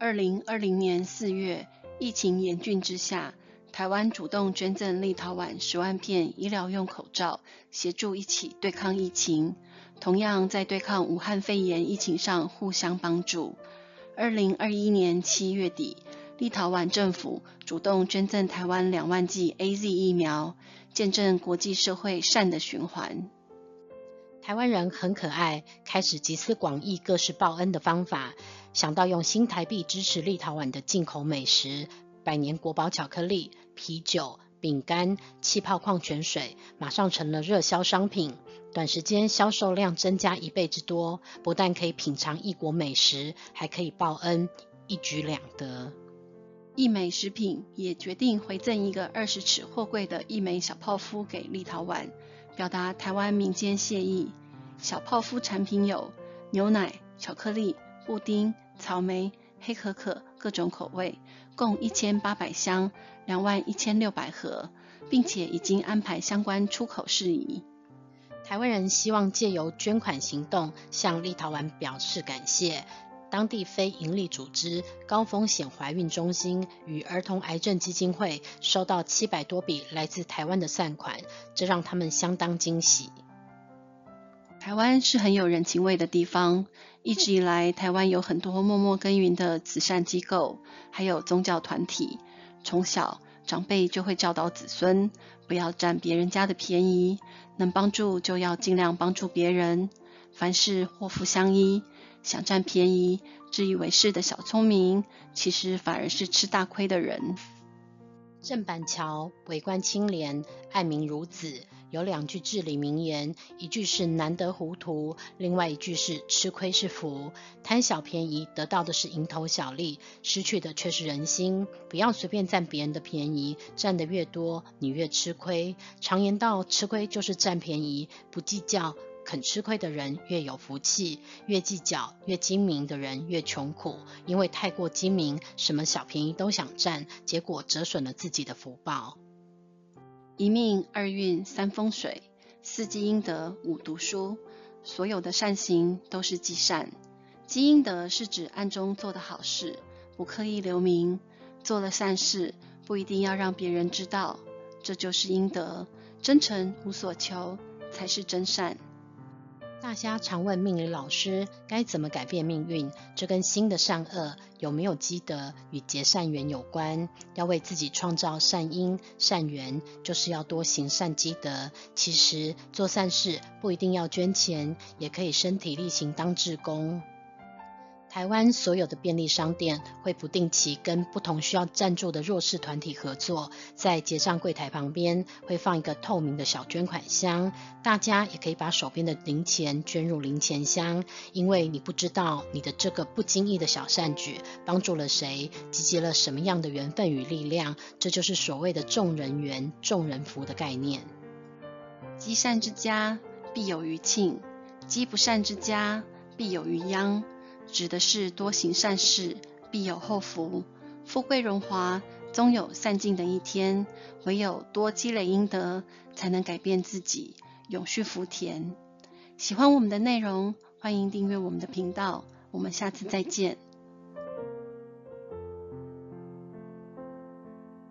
二零二零年四月，疫情嚴峻之下，台灣主動捐贈立陶宛十萬片醫療用口罩，協助一起對抗疫情。同樣在對抗武漢肺炎疫情上互相幫助。二零二一年七月底，立陶宛政府主動捐贈台灣兩萬劑 AZ 疫苗，見證國際社會善的循環。台灣人很可愛，開始集思廣益各式報恩的方法。想到用新台幣支持立陶宛的進口美食，百年國寶巧克力、啤酒、餅乾、氣泡礦泉水，馬上成了熱銷商品。短時間銷售量增加一倍之多。不但可以品嘗異國美食，還可以報恩，一舉兩得。義美食品也決定回贈一個二十尺貨櫃的義美小泡芙給立陶宛，表達台灣民間謝意。小泡芙產品有牛奶、巧克力。布丁、草莓、黑可可，各種口味，共一千八百箱，兩萬一千六百盒，並且已經安排相關出口事宜。台灣人希望借由捐款行動向立陶宛表示感謝。當地非營利組織高風險懷孕中心與兒童癌症基金會收到七百多筆來自台灣的善款，這讓他們相當驚喜。台灣是很有人情味的地方，一直以來，台灣有很多默默耕耘的慈善機構，還有宗教團體。從小，長輩就會教導子孫，不要佔別人家的便宜，能幫助就要盡量幫助別人。凡事禍福相依，想佔便宜、自以為是的小聰明，其實反而是吃大虧的人。鄭板橋為官清廉，愛民如子，有兩句至理名言，一句是難得糊塗，另外一句是吃虧是福。貪小便宜得到的是蠅頭小利，失去的卻是人心。不要隨便占別人的便宜，占得越多，你越吃虧。常言道，吃虧就是占便宜，不計較。肯吃虧的人越有福氣，越計較、越精明的人越窮苦，因為太過精明，什麼小便宜都想占，結果折損了自己的福報。一命二運三風水，四積陰德五讀書。所有的善行都是積善，積陰德是指暗中做的好事，不刻意留名。做了善事，不一定要讓別人知道，這就是陰德。真誠無所求，才是真善。大家常問命理老師該怎麼改變命運，這跟心的善惡有沒有積德與結善緣有關。要為自己創造善因善緣，就是要多行善積德。其實做善事不一定要捐錢，也可以身體力行當志工。台灣所有的便利商店會不定期跟不同需要贊助的弱勢團體合作，在結賬櫃檯旁邊會放一個透明的小捐款箱，大家也可以把手邊的零錢捐入零錢箱。因為你不知道你的這個不經意的小善舉幫助了誰，集結了什麼樣的緣分與力量。這就是所謂的“眾人緣，眾人福”的概念。積善之家必有餘慶，積不善之家必有餘殃。指的是多行善事，必有後福。富貴榮華，終有散盡的一天，唯有多積累陰德，才能改變自己，永續福田。喜歡我們的內容，歡迎訂閱我們的頻道，我們下次再見。